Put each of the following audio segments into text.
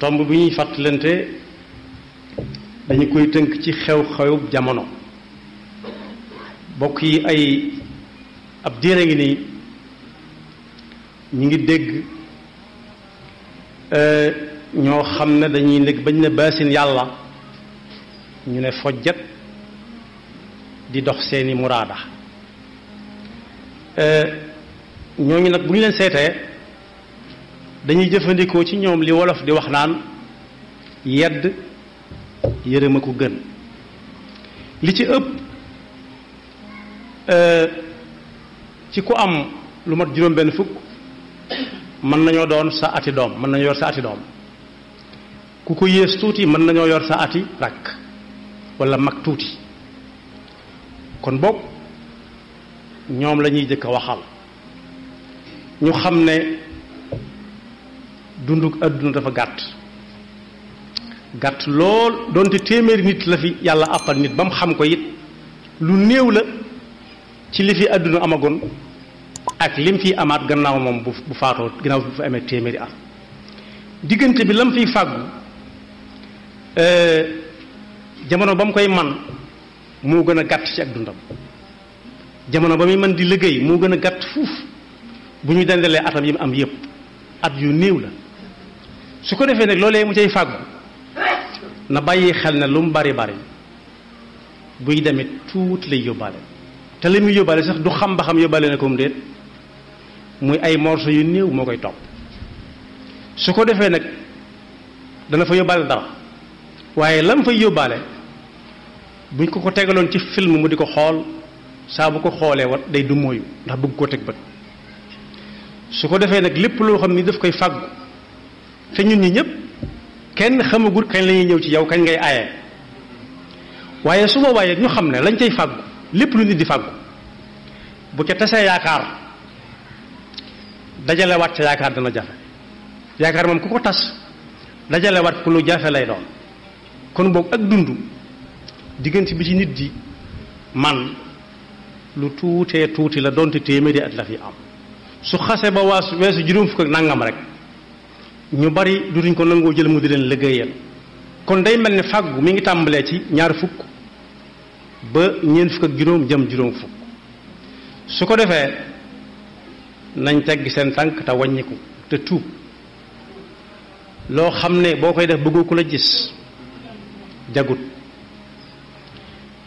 tomb bi ñuy fàttalante dañu koy tënk ci xew-xewub jamono bokk yi ay ab diir a ngi nii ñu ngi dégg euh, ñoo xam ne dañuy nekk bañ ne baasin yàlla ñu ne fojjet di dox seeni muraada euh, ñooñu nag bu ñu leen seetee dañuy jëfandikoo ci ñoom li wolof di wax naan yedd yërëm a ko gën li ci ëpp euh, ci ku am lu mat juróom benn fukk mën nañoo doon sa ati doom mën nañoo yor sa ati doom ku ko yées tuuti mën nañoo yor sa ati rakk walla mag tuuti kon boog ñoom la ñuy jëkk a waxal ñu xam ne dunduk àdduna dafa gàtt gàtt lool doonte téeméeri nit la fi yàlla àppal nit ba mu xam ko it lu néew la ci li fi àdduna amagoon ak lim fiy amaat gannaaw moom bu faatoo gannaaw bu fi amee téeméeri at diggante bi lam fi fàggu euh, jamono ba mu koy man moo gën a gàtt ci ak dundam jamono ba muy man di liggéey moo gën a gàtt fuuf bu ñu dendalee atam yi mu am yépp at yu néew la su ko defee nag loolee mu cay fàggu na bàyyi xel ne lu mu bari bari buy demit tuuti lay yóbbaale te li muy yóbbaale sax du xam ba xam yóbbaale na ko mu déet muy ay morso yu néew moo koy topp su ko defee nag dana fa yóbbaale dara waaye lam fay yóbbaale buñ ko ko tegaloon ci film mu di ko xool saa bu ko xoolee wat day du mooyu ndax bugg koo teg bët su ko defee nag lépp loo xam ni daf koy fàggu te ñun ñi ñëpp kenn xamagul kañ la ñuy ñëw ci yow kañ ngay aaye waaye su boobaa ñu xam ne lañ cay fàggu lépp lu nit di fàggu bu ca tasee yaakaar dajale ca yaakaar dana jafe yaakaar moom ku ko tas dajale ku lu jafe lay doon kon boog ak dund diggante bi ci nit di man lu tuutee tuuti la donte téeméeri at la fi am su xase ba waasu weesu juróom fukk ak nangam rek ñu bari dutuñ ko nangoo jël mu di leen liggéeyal kon day mel ne fàggu mi ngi tàmbalee ci ñaar fukk ba ñeent fukk ak juróom jëm juróom fukk su ko defee nañ teggi seen tànk te wàññiku te tuub loo xam ne boo koy def bëggoo ku la gis jagut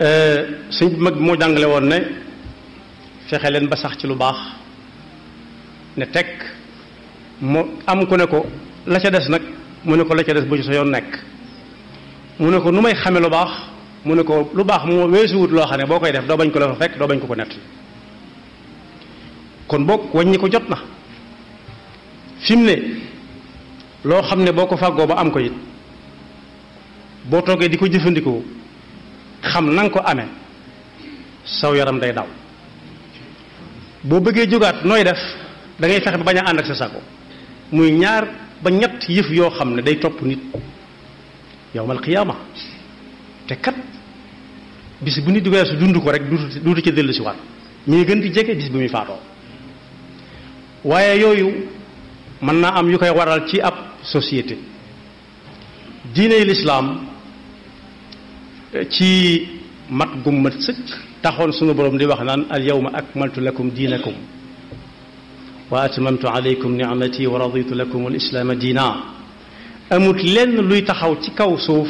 euh, suñ bu mag moo jàngale woon ne fexe leen ba sax ci lu baax ne tekk moo am ku ne ko la ca des nag mu ne ko la ca des bu ci sa yoon nekk mu ne ko nu may xame lu baax mu ne ko lu baax moo weesuwut loo xam ne boo koy def doo bañ ko la fa fekk bañ ko ko nett kon boog ni ko jot na ne loo xam ne boo ko fàggoo ba am ko it boo toogee di ko jëfandikoo xam na ko amee saw yaram day daw boo bëggee jógaat nooy def da ngay fexe ba bañ a ànd ak sa sago muy ñaar ba ñett yëf yoo xam ne day topp nit yowmal qiyaama te kat bis bu nit weesu dund ko rek duutu duutu dellu si waat mi gën di jege bis bu muy faatoo waaye yooyu mën naa am yu koy waral ci ab société diiney lislaam ci mat gum mat sëkk taxoon sunu borom di wax naan al yawma akmaltu lakum diinakum wa atmamtu alaykum nicmati wa raditu lakum alislaama diina amut lenn luy taxaw ci kaw suuf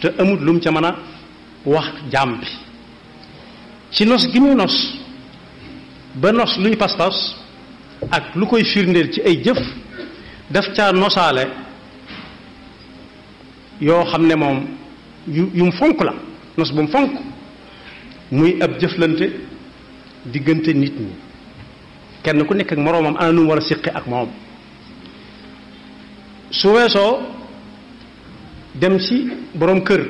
te amut lum ca mën a wax jaam bi ci nos gi muy nos ba nos luy pas-pas ak lu koy firndeel ci ay jëf daf ca nosaale yoo xam ne moom yu yu mu fonk la nos bu mu fonk muy ab jëflante diggante nit ñi kenn ku nekk ak moroomam ana nu mu war a siqi ak moom su weesoo dem ci boroom kër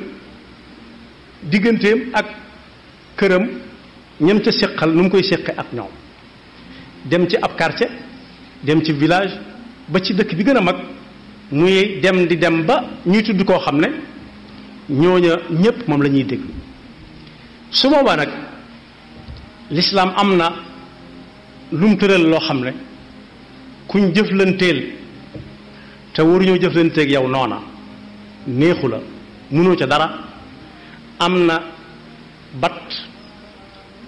digganteem ak këram ñam ca siqal nu mu koy siqi ak ñoom dem ci ab quartier dem ci village ba ci dëkk bi gën a mag muy dem di dem ba ñuy tudd koo xam ne ñooña ñépp moom la ñuy su boobaa nag lislaam am na lu mu tëral loo xam ne kuñ jëflanteel te waruñoo jëflanteeg yow noona neexu la mënoo ca dara am na bat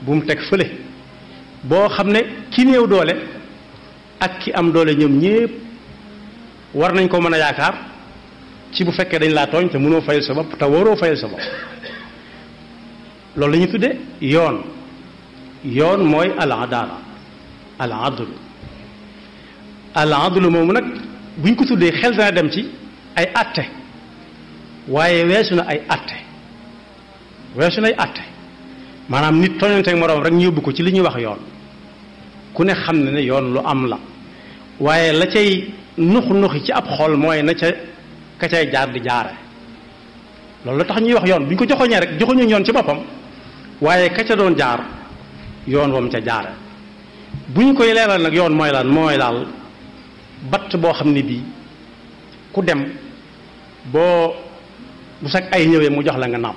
bu teg fële boo xam ne ki néew doole ak ki am doole ñoom ñépp war nañ ko mën a yaakaar ci bu fekkee dañ laa tooñ te mënoo fayal sa bopp te waroo fayal sa bopp loolu la ñu tudde yoon yoon mooy al adala al adlu al adlu moomu nag buñ ko tuddee xel dana dem ci ay atte waaye weesu na ay atte weesu na ay atte maanaam nit toñanteeg moroom rek ñu yóbbu ko ci li ñuy wax yoon ku ne xam ne ne yoon lu am la waaye la cay nux nuxi ci ab xol mooy na ca ka cay jaar di jaare loolu la tax ñuy wax yoon bu ñu ko joxoñee rek joxoñu yoon ci boppam waaye ka ca doon jaar yoon wam ca jaare bu ñu koy leeral nag yoon mooy lan mooy daal bat boo xam ne bii ku dem boo bu sax ay ñëwee mu jox la nga nàmp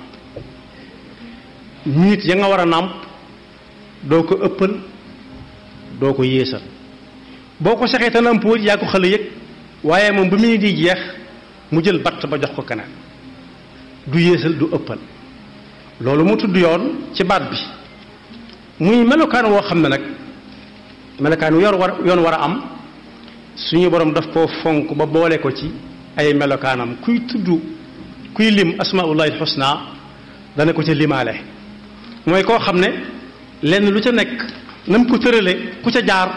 minit ya nga war a nàmp doo ko ëppal doo ko yéesal boo ko saxee te nàmpuwul yaa ko xale yëg waaye moom bu minit di jeex mu jël batt ba jox ko keneen du yéesal du ëppal loolu mu tudd yoon ci baat bi muy melokaan woo xam ne nag melokaan wu yor war yoon war a am suñu borom daf koo fonk ba boole ko ci ay melokaanam kuy tudd kuy lim asmaullahi alxusna dana ko ca limaale mooy koo xam ne lenn lu ca nekk na mu ko tërale ku ca jaar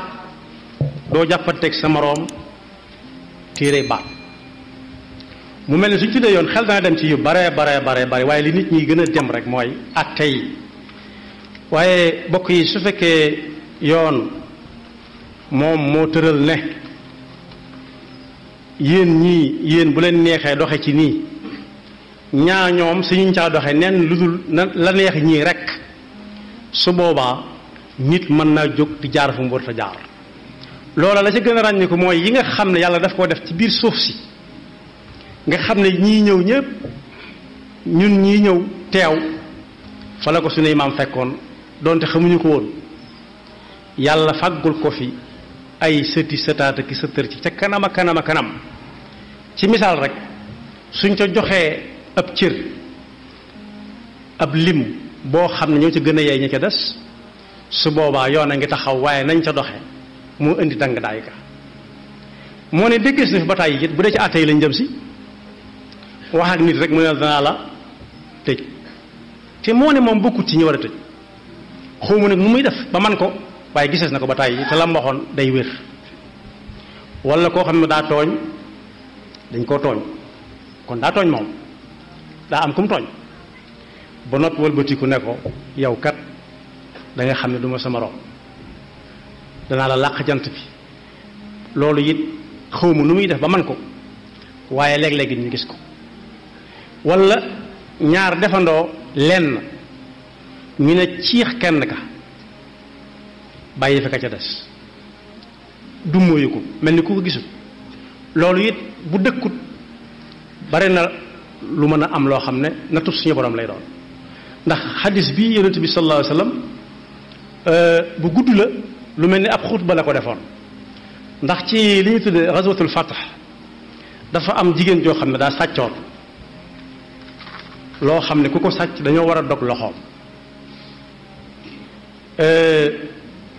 doo jàppanteeg sa moroom téere baat mu mel ne suñ tuddee yoon xel dana dem ci yu bare bare bare bare waaye li nit ñi gën a dem rek mooy ak yi waaye bokk yi su fekkee yoon moom moo tëral ne yéen ñii yéen bu leen neexee doxe ci nii ñaa ñoom suñu caa doxe nen lu dul la neex ñii rekk su boobaa nit mën naa jóg di jaar fu mu war a jaar loola la ci gën a ràññiku mooy yi nga xam ne yàlla daf koo def ci biir suuf si nga xam ne ñii ñëw ñëpp ñun ñii ñëw teew fa la ko suñuy maam fekkoon donte xamuñu ko woon yàlla fàggul ko fi ay sëti sëtaat ki sëtër ci ca kanam a kanam a kanam ci misaal rek suñ ca joxee ab cër ab lim boo xam ne ñoo ci gën a yey ña ca des su boobaa yoon a ngi taxaw waaye nañ ca doxe moo indi dang daay ka moo ne déggees na fi bataay yi it bu dee ci àtte lañ jëm si wax ak nit rek mu ne danaa la tëj te moo ne moom bokkut ci ñu war a tëj xaw ma nag muy def ba man ko waaye gisees na ko ba tàyyi te lam waxoon day wér wala koo xam ne daa tooñ dañ koo tooñ kon daa tooñ moom daa am kum tooñ ba noppi wëlbatiku ne ko yow kat da xam ne du ma sa moroom danaa la làq jant bi loolu it xaw ma nu muy def ba man ko waaye léeg-léegi ñu gis ko wala ñaar defandoo lenn ñu ne ciix kenn ka bàyyi fa ka ca des du ko mel ni ku ko gisul loolu it bu dëkkut bari na lu mën a am loo xam ne nattu suñu borom lay doon ndax xadis bi yonent bi sallallahu alayhi wasallam euh, bu gudd la lu mel ni ab xutba la ko defoon ndax ci li ñu tuddee ghazwatul fath dafa am jigéen joo xam ne daa sàccoon loo xam ne ku ko sàcc dañoo war a dog loxoom euh,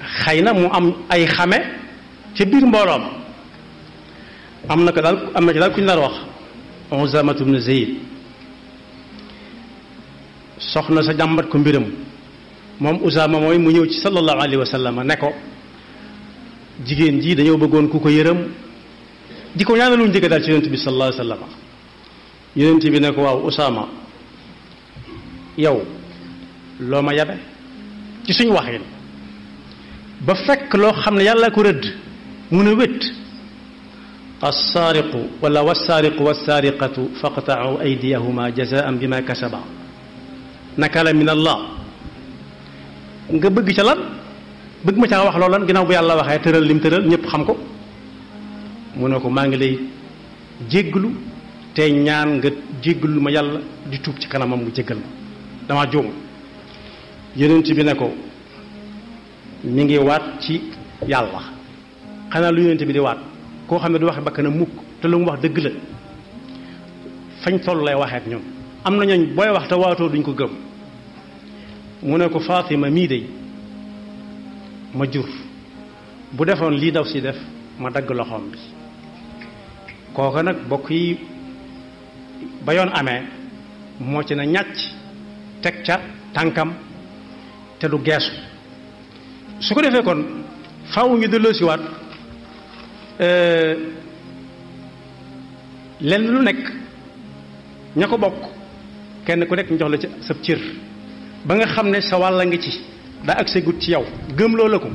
xëy na mu am ay xame ca biir mbooloom am na ko daal am na ci daal ku nar wax Uzaamatu bnu Zayd soxna sa jàmbat ko mbiram moom Uzaama mooy mu ñëw ci sallallahu alayhi wa sallam ne ko jigéen ji dañoo bëggoon ku ko yërëm di ko ñaanalu njëkk daal ci yonent bi sallallahu alayhi wa bi ne ko waaw Usaama yow loo ma yabe ci suñu waxin ba fekk loo xam ne yàlla ko rëdd mun a wét assaariqu wala wassaariqu wassaariqatu faqtau aydiyahuma jazaan bima kasaba nakala min allah nga bëgg ca lan bëgg ma caa wax loolu lan ginnaaw bu yàlla waxee tëral lim tëral ñëpp xam ko mu ne ko maa ngi lay jégglu te ñaan nga jégglu ma yàlla di tuub ci kanamam mu jéggal ma dama juum yonent bi ne ko mi ngi waat ci yàlla xanaa lu yonent bi di waat koo xam ne du wax bakk na mukk te lu mu wax dëgg la fañ toll lay waxee ak ñun am na ñooñ booy wax te waatoo duñ ko gëm mu ne ko ma mii de ma jur bu defoon lii daw si def ma dagg loxoom bi kooka nag bokk yi ba yoon amee moo ci na ñàcc teg ca tànkam te du geesu su ko defee kon faaw ñu delloosiwaat euh, lenn lu nekk ña ko bokk kenn ku nekk ñu jox la ci sab cër ba nga xam ne sa wàll nga ci daa ak sa ci yow gëm loo la ko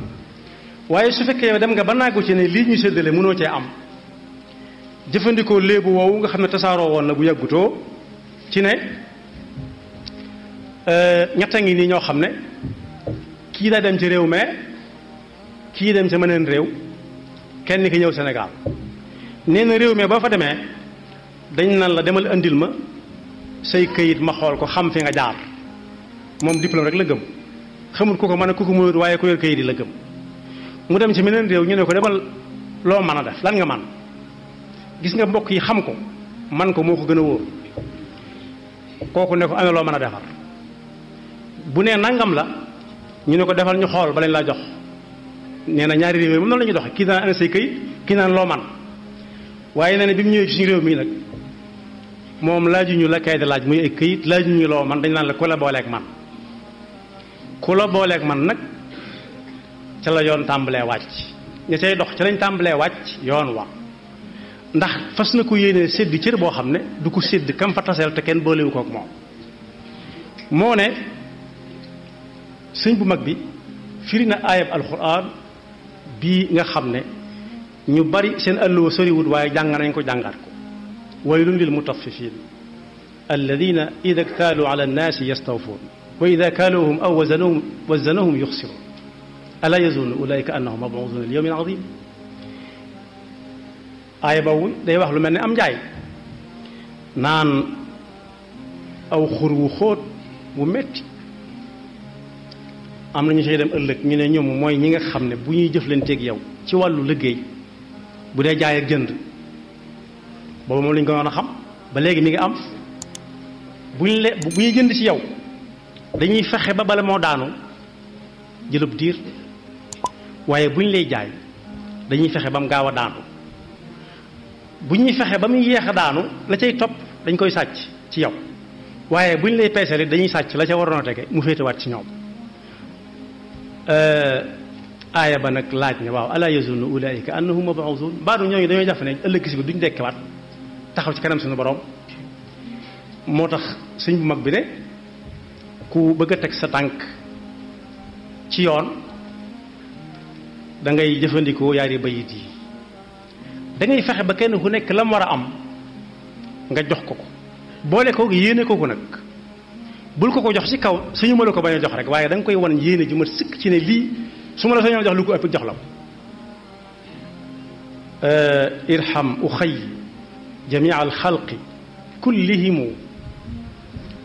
waaye su fekkee yow dem nga ba naagu ci ne lii ñu séddale mënoo cee am jëfandikoo léebu woowu nga xam ne tasaaroo woon na bu yàggutoo ci ne euh, ñett a ngi nii ñoo xam ne kii daa dem ci réew mais kii dem ci meneen réew kenn ki ñëw Sénégal nee na réew mais boo fa demee dañ nan la demal indil ma say këyit ma xool ko xam fi nga jaar moom diplôme rek la gëm xamul ku ko mën a ku ko mënut waaye ku yor këyit yi la gëm mu dem ci meneen réew ñu ne ko demal loo mën a def lan nga man gis nga mbokk yi xam ko man ko moo ko gën a wóor kooku ne ko amee loo mën a defar bu nee nangam la ñu ne ko defal ñu xool ba lañ laa jox nee na ñaari réew yi moom noonu la ñuy doxee kii naan ana say këyit kii naan loo man waaye nee na bi mu ñëwee ci suñu réew mii nag moom laajuñu la kay di laaj muy ay këyit laajuñu loo man dañ naan la ku la booleeg man ku la booleeg man nag ca la yoon tàmbalee wàcc ña cay dox ca lañ tàmbalee wàcc yoon wa ndax fas na ko yéene sédd cër boo xam ne du ko sedd kam fa taseel te kenn boolewu kook moom moo ne sëñ bu mag bi firi na aayab alxuraan bii nga xam ne ñu bari seen àlluwa soriwut waaye jàng nañ ko jàngaat ko waylun lil mutaffifin alladina ida ktaalu ala annaasi yastawfuun wa ida kaaluuhum aw wazanuhum wazanuhum yuxsiruun ala yazunnu ulaika annahum mabuuduuna li yawmin aziim aaya boobu day wax lu mel ne am njaay naan aw xur wu xóot wu metti am na ñu cay dem ëllëg ñu ne ñoom mooy ñi nga xam ne bu ñuy jëflanteeg yow ci wàllu liggéey bu dee jaay ak jënd booba moom la ñu ko mën a xam ba léegi mi ngi am bu ñu le bu ñuy jënd ci yow dañuy fexe ba bala moo daanu jëlub diir waaye bu ñu lay jaay dañuy fexe ba mu gaaw a daanu bu ñuy fexe ba muy yéex a daanu la cay topp dañ koy sàcc ci yow waaye bu ñu lay peesali dañuy sàcc la ca waroon a tege mu féetewaat ci ñoom. Euh, aaya ba nag laaj ne waaw ala yazunnu ulaika annahum mab'uthun baadu ñooñu dañoo jàpp ne ëllëg si bi duñ dekkewaat taxaw ci kanam suñu borom moo tax sëñ bu mag bi ne ku bëgg a teg sa tànk ci yoon dangay ngay jëfandikoo yaari bayit yi da ngay fexe ba kenn ku nekk la mu war a am nga jox ko ko boole ko yéene ko ko nag bul ko ko jox ci kaw suñu mëna ko bañ jox rek waye dang koy won yene ju ma sëkk ci ne li suma la sañoo jox lu ko ëpp jox la ko irham uxay jamia alxalqi kullihimu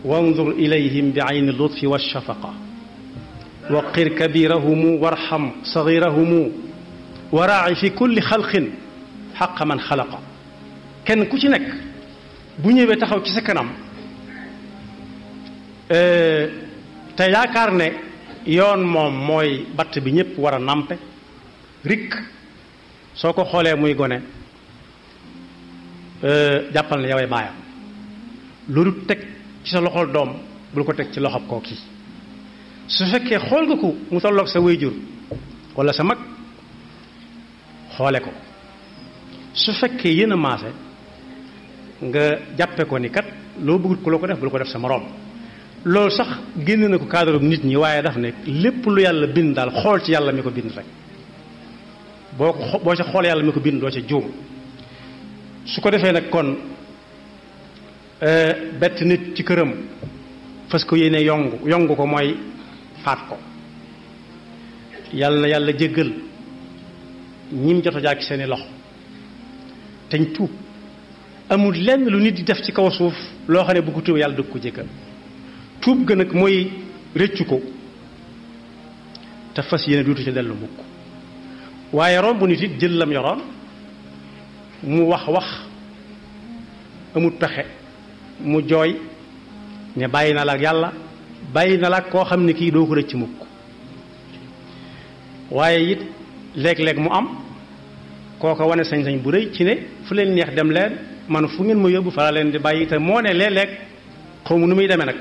wandur ilayhim bi ayni lutfi walshafaqa waqir kabirahumu warham sagirahumu waraaci fi kulli xalqin xaqa man xalaqa kenn ku ci nekk bu ñëwee taxaw ci sa kanam Euh, te yaakaar ne yoon moom mooy batt bi ñëpp war a nàmpe rikk soo ko xoolee muy gone euh, jàppal ne yaway baayam loolu teg ci sa loxol doom bul ko teg ci loxob koo kii su fekkee xool nga ko mu tolloog sa wayjur walla sa mag xoole ko su fekkee yéen a maase nga jàppe ko ni kat loo bëggut ku la ko def bul ko def sa moroom loolu sax génn na ko cadre nit ñi waaye daf ne lépp lu yàlla bind daal xool ci yàlla mi ko bind rek boo ko boo ca xool yàlla mi ko bind doo ca juum su ko defee nag kon euh, bett nit ci këram fas ko yéene yongu yongu ko mooy faat ko yàlla na yàlla jéggal ñim jot a jàkk seeni loxo teñ tuub amul lenn lu nit di def ci kaw suuf loo xam ne bu ko tuub yàlla dëgg ko jéggal tuub ga nag mooy rëccu ko te fas yéene duutu ci dellu mukk waaye romb nit it jël lam yoroon mu wax wax amut pexe mu jooy ne bàyyi na la ak yàlla bàyyi na la ak koo xam ne kii doo ko rëcc mukk waaye it léeg-léeg mu am kooko wane sañ-sañ bu rëy ci ne fu leen neex dem leen man fu ngeen ma yóbbu fara leen di bàyyi te moo ne lee léeg xaw nu muy demee nag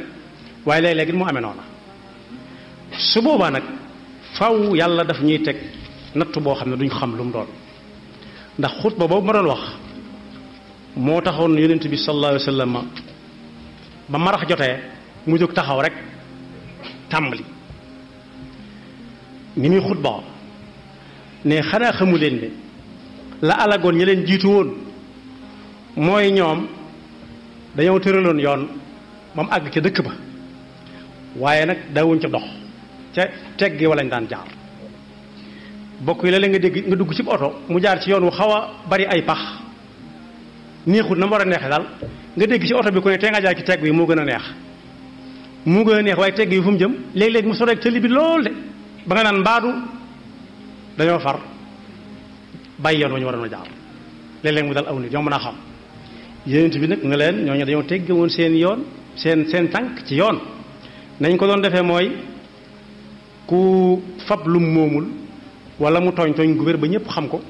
waaye léeg-léeg it mu amee noona su boobaa nag faw yàlla daf ñuy teg nattu boo xam ne duñ xam lum doon ndax xutba ba ma doon wax moo taxoon yonent bi sallallahu alayhi wa ma ba marax jotee mu jóg taxaw rek tàmbali ni muy xutba ne xanaa xamu leen ne la alagoon ñi leen jiitu woon mooy ñoom dañoo tëraloon yoon moom àgg ca dëkk ba waaye nag daawuñ ca dox ca teg gi walañ daan jaar bokk yi la nga dégg nga dugg ci oto mu jaar ci yoon wu xaw a bari ay pax neexut na mu war a neex daal nga dégg ci oto bi ko ne tee nga jaar ci teg bi moo gën a neex moo gën a neex waaye teg fu mu jëm léeg-léeg mu soreeg tëli bi lool de ba nga naan mbaadu dañoo far bàyyi yoon wa war waroon a jaar léeg-léeg mu dal aw nit ñoo mën a xam yénent bi nag nga leen ñooñu dañoo tegg woon seen yoon seen seen tànk ci yoon nañ ko doon defee mooy ku fab lum moomul wala mu tooñ tooñ gu ba ñëpp xam ko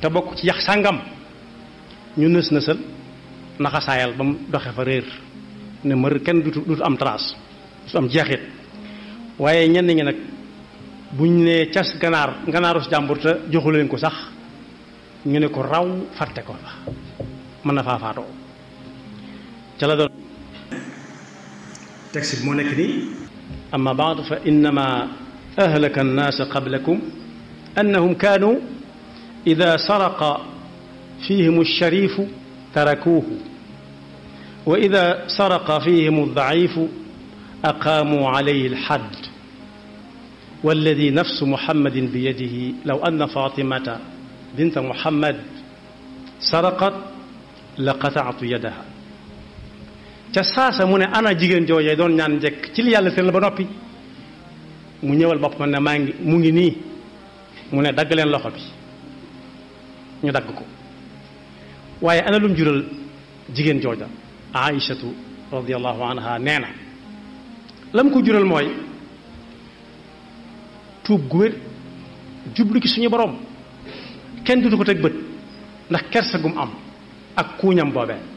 te bokk ci yax sàngam ñu nës nësal naxasaayal ba mu doxee fa réer ne mër kenn du du am trace du am jeexit waaye ñenn ñi nag buñ nee cas ganaar ganaaru jàmbur te joxu leen ko sax ñu ne ko raw fàtte ko fa mën na faa faatoo ca la doon تكسب مونك دي اما بعض فانما اهلك الناس قبلكم انهم كانوا اذا سرق فيهم الشريف تركوه واذا سرق فيهم الضعيف اقاموا عليه الحد والذي نفس محمد بيده لو ان فاطمه بنت محمد سرقت لقطعت يدها ca saasa mu ne ana jigéen joojee doon ñaan njëkk ci li yàlla tëral ba noppi mu ñëwal boppam ne maa ngi mu ngi nii mu ne dagg leen loxo bi ñu dagg ko waaye ana lum jural jigéen jooja aïchatu radiallahu anha nee na lam ko jural mooy tuub gu wér jublu ci suñu boroom kenn dutu ko teg bët ndax kersa gum am ak kuuñam boobee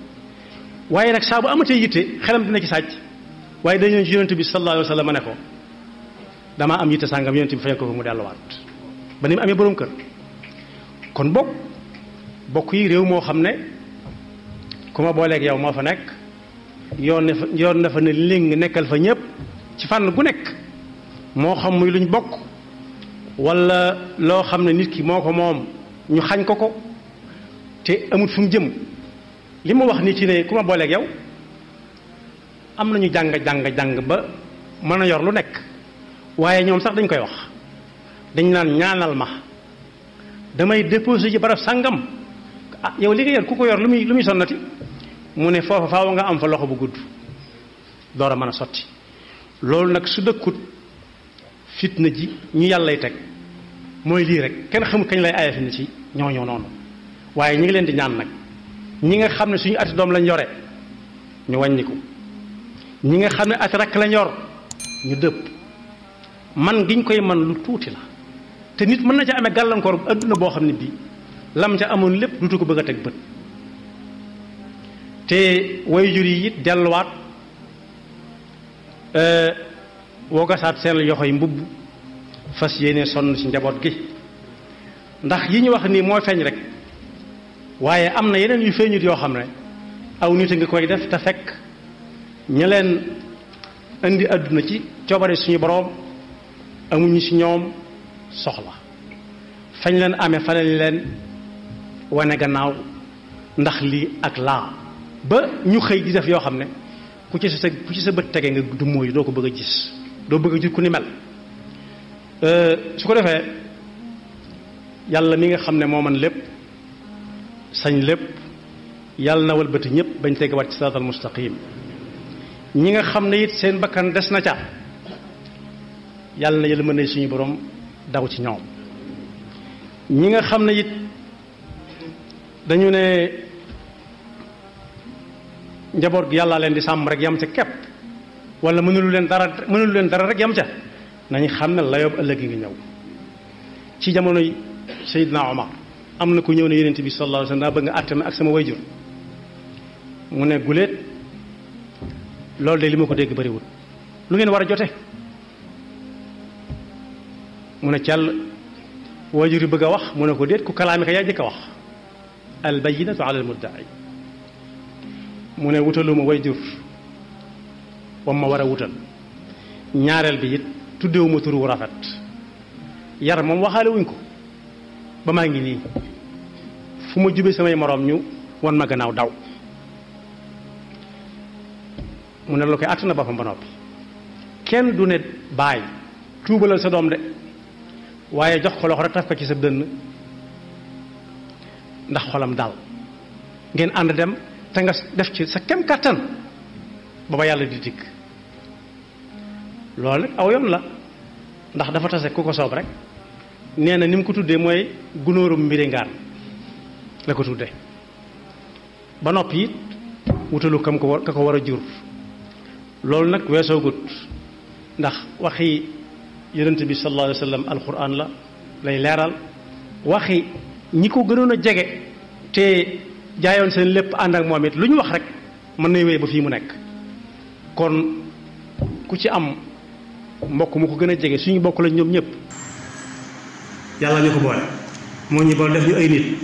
waaye nag saa bu amatee yitte xelam dina ci sàcc waaye dañu leen ci yonent bi sallallahu alayhi wa sallam ne ko damaa am yitte sàngam yonent bi feeñ ko fa mu delluwaat ba ni mu amee borom kër kon bokk bokk yi réew moo xam ne ku ma booleeg yow moo fa nekk yoon na fa ne na ngi nekkal fa ñëpp ci fànn gu nekk moo xam muy luñ bokk wala loo xam ne nit ki moo ko moom ñu xañ ko ko te amut fu mu jëm. li ma wax nit ci ne ku ma booleeg yow am nañu jàng jàng jàng ba mën a yor lu nekk waaye ñoom sax dañ koy wax dañ naan ñaanal ma damay déposé ci barab sàngam ah yow li nga yor ku ko yor lu muy lu muy sonnati mu ne foofa faaw nga am fa loxo bu gudd door a mën a sotti loolu nag su dëkkut fitna ji ñu yàllay teg mooy lii rek kenn xamul kañ lay aaya fitna ci ñooñoo noonu waaye ñu ngi leen di ñaan nag ñi nga xam ne suñu ati doom lañ yore ñu wàññiku ñi nga xam ne ati rakk lañ yor ñu dëpp man giñ koy man lu tuuti la te nit mën na ca amee gàllankoor adduna boo xam ne bii lam ca amoon lépp dutu ko bëgg a teg bët te way jur yi it delluwaat euh, wogasaat seen yoxoy mbubb fas yéene sonn ci njaboot gi ndax yi ñu wax ni moo feeñ rek waye amna na yeneen yu feñut yo xamne aw nit nga koy def ta fek ñaleen andi aduna ci ciobare suñu boroom amuñu ci ñoom soxla fañ leen amé fa leen leen wone gannaaw ndax li ak la ba ñu xëy di def yo xamne ku ci sa ku ci sa bët tege nga du moy do ko bëgg gis do bëgg a gis ku ni mel euh su ko defé yàlla mi nga xamne mo man lépp sañ lépp yàlla na walbati ñëpp bañ tegawaat ci siraatal mustaqim ñi nga xam ne it seen bakkan des na ca yàlla na yël mën suñu borom daw ci ñoom ñi nga xam ne it dañu ne njaboot gi yàlla leen di sàmm rek yam ca kepp wala mënulu leen dara mënulu leen dara rek yam ca nañ xam ne layoob ëllëg ngi ñëw ci Omar am na ku ñëw ne yonent bi sallallahu alayhi wa sallam daa bëgg nga àtte ma ak sama wayjur mu ne guléet loolu de li ma ko dégg bëriwul lu ngeen war a jote mu ne càll wayjur yi bëgg a wax mu ne ko déet ku kalaami ka yaa jëkk a wax al bayyinatu ala al mudda'i mu ne wutaluma wayjur wam ma war a wutal ñaareel bi it tuddewuma turu rafet yar moom waxaale wuñ ko ba maa ngi nii fu ma jubee samay moroom ñu wan ma gannaaw daw mu ne la koy àtt na boppam ba noppi kenn du ne baay tuubalal sa doom de waaye jox ko loxo rek taf ko ci sa dënn ndax xolam dal ngeen ànd dem te nga def ci sa kem kàttan ba ba yàlla di dikk loolu nag awyon la ndax dafa tase ku ko soob rek nee na ni mu ko tuddee mooy gunóorum mbiringaan la ko tudde ba noppi it wutalu kam ko ka ko war a jur loolu nag weesoo gut ndax waxi yonent bi sallallahu alayhi wa sallam la lay leeral waxi ñi ko gënoon a jege te jaayoon seen lépp ànd ak moom it lu ñu wax rek mën nay wéy ba fii mu nekk kon ku ci am mbokk mu ko gën a jege suñu bokk lañ ñoom ñëpp yàlla ñu ko boole moo ñu boole def ñu ay nit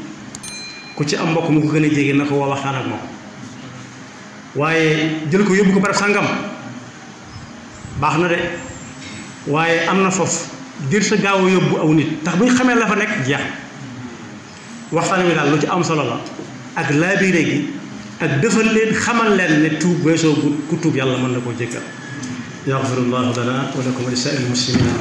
ku ci am mbokk mu ko gën a jege na ko woo waxtaan ak moom waaye jël ko yóbbu ko barab sàngam baax na de waaye am na foofu dir sa gaaw a yóbbu aw nit tax bu ñu xamee la fa nekk jeex waxtaan wi daal lu ci am solo la ak laabiire gi ak defal leen xamal leen ne tuub weesoo ku tuub yàlla mën na koo jéggal yaxfirullahu lana wa lakum wa lisaa'iril muslimina